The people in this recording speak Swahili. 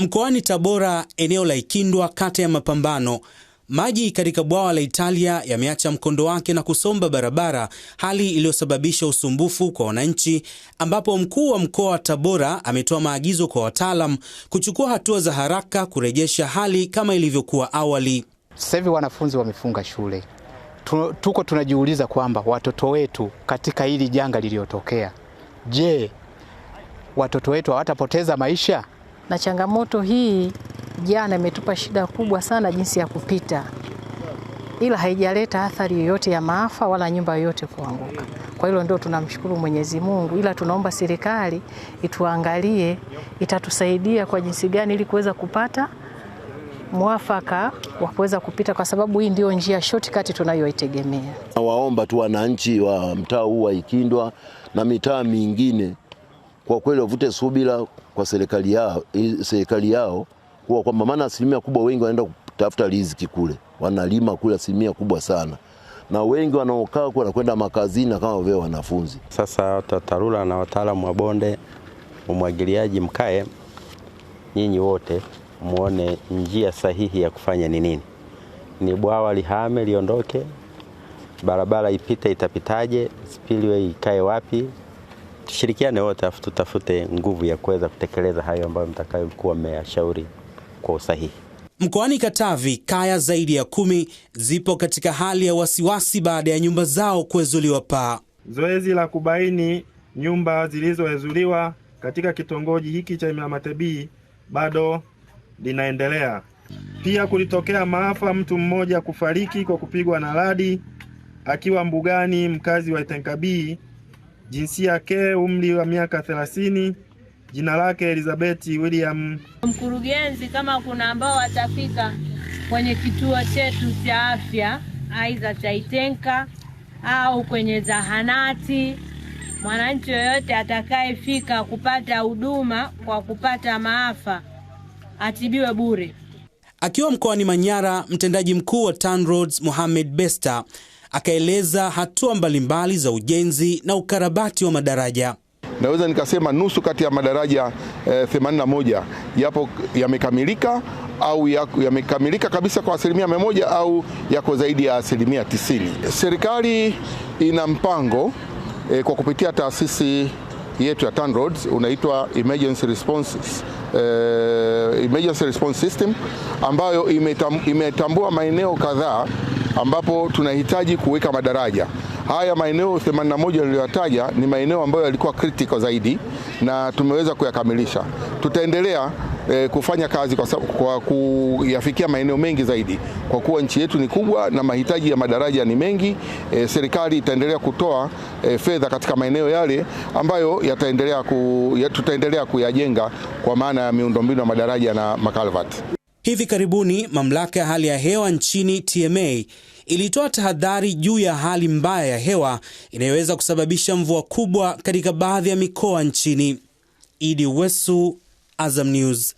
Mkoani Tabora, eneo la Ikindwa, kata ya Mapambano, maji katika bwawa la Italia yameacha mkondo wake na kusomba barabara, hali iliyosababisha usumbufu kwa wananchi, ambapo mkuu wa mkoa wa Tabora ametoa maagizo kwa wataalam kuchukua hatua za haraka kurejesha hali kama ilivyokuwa awali. Sasa hivi wanafunzi wamefunga shule, tuko tunajiuliza kwamba watoto wetu katika hili janga liliyotokea, je, watoto wetu hawatapoteza maisha? na changamoto hii jana imetupa shida kubwa sana jinsi ya kupita, ila haijaleta athari yoyote ya maafa wala nyumba yoyote kuanguka. Kwa hilo ndio tunamshukuru Mwenyezi Mungu, ila tunaomba serikali ituangalie, itatusaidia kwa jinsi gani ili kuweza kupata mwafaka wa kuweza kupita, kwa sababu hii ndio njia shortcut tunayoitegemea. Nawaomba tu wananchi wa mtaa huu wa Ikindwa na mitaa mingine, kwa kweli wavute subira kwa serikali yao, serikali yao kuwa kwamba, maana asilimia kubwa wengi wanaenda kutafuta riziki kule, wanalima kule asilimia kubwa sana, na wengi wanaokaa kule wanakwenda makazini kama vile wanafunzi. Sasa TARURA na wataalamu wa bonde umwagiliaji, mkae nyinyi wote muone njia sahihi ya kufanya ni nini, ni bwawa lihame liondoke, barabara ipite itapitaje, spillway ikae wapi? tushirikiane wote, afu tutafute nguvu ya kuweza kutekeleza hayo ambayo mtakayokuwa mmeyashauri kwa usahihi. Mkoani Katavi, kaya zaidi ya kumi zipo katika hali ya wasiwasi baada ya nyumba zao kuezuliwa paa. Zoezi la kubaini nyumba zilizoezuliwa katika kitongoji hiki cha Imamatebii bado linaendelea. Pia kulitokea maafa, mtu mmoja kufariki kwa kupigwa na radi akiwa mbugani, mkazi wa Itenkabii jinsia yake umri wa miaka 30, Jina lake Elizabeth William. Mkurugenzi, kama kuna ambao watafika kwenye kituo chetu cha afya aidha cha Itenka au kwenye zahanati, mwananchi yoyote atakayefika kupata huduma kwa kupata maafa atibiwe bure. Akiwa mkoani Manyara, mtendaji mkuu wa TANROADS Mohamed Besta akaeleza hatua mbalimbali za ujenzi na ukarabati wa madaraja. Naweza nikasema nusu kati ya madaraja eh, 81 yapo yamekamilika au yamekamilika kabisa kwa asilimia mia moja au yako zaidi ya asilimia tisini. Serikali ina mpango eh, kwa kupitia taasisi yetu ya TANROADS unaitwa emergency response, eh, emergency response system ambayo imetambua maeneo kadhaa ambapo tunahitaji kuweka madaraja haya. Maeneo 81 niliyoyataja ni maeneo ambayo yalikuwa critical zaidi na tumeweza kuyakamilisha. Tutaendelea eh, kufanya kazi kwa, kwa kuyafikia maeneo mengi zaidi, kwa kuwa nchi yetu ni kubwa na mahitaji ya madaraja ni mengi. Eh, serikali itaendelea kutoa eh, fedha katika maeneo yale ambayo yataendelea ku, ya, tutaendelea kuyajenga kwa maana ya miundombinu ya madaraja na makalvati. Hivi karibuni mamlaka ya hali ya hewa nchini TMA ilitoa tahadhari juu ya hali mbaya ya hewa inayoweza kusababisha mvua kubwa katika baadhi ya mikoa nchini. Idi Wesu, Azam News.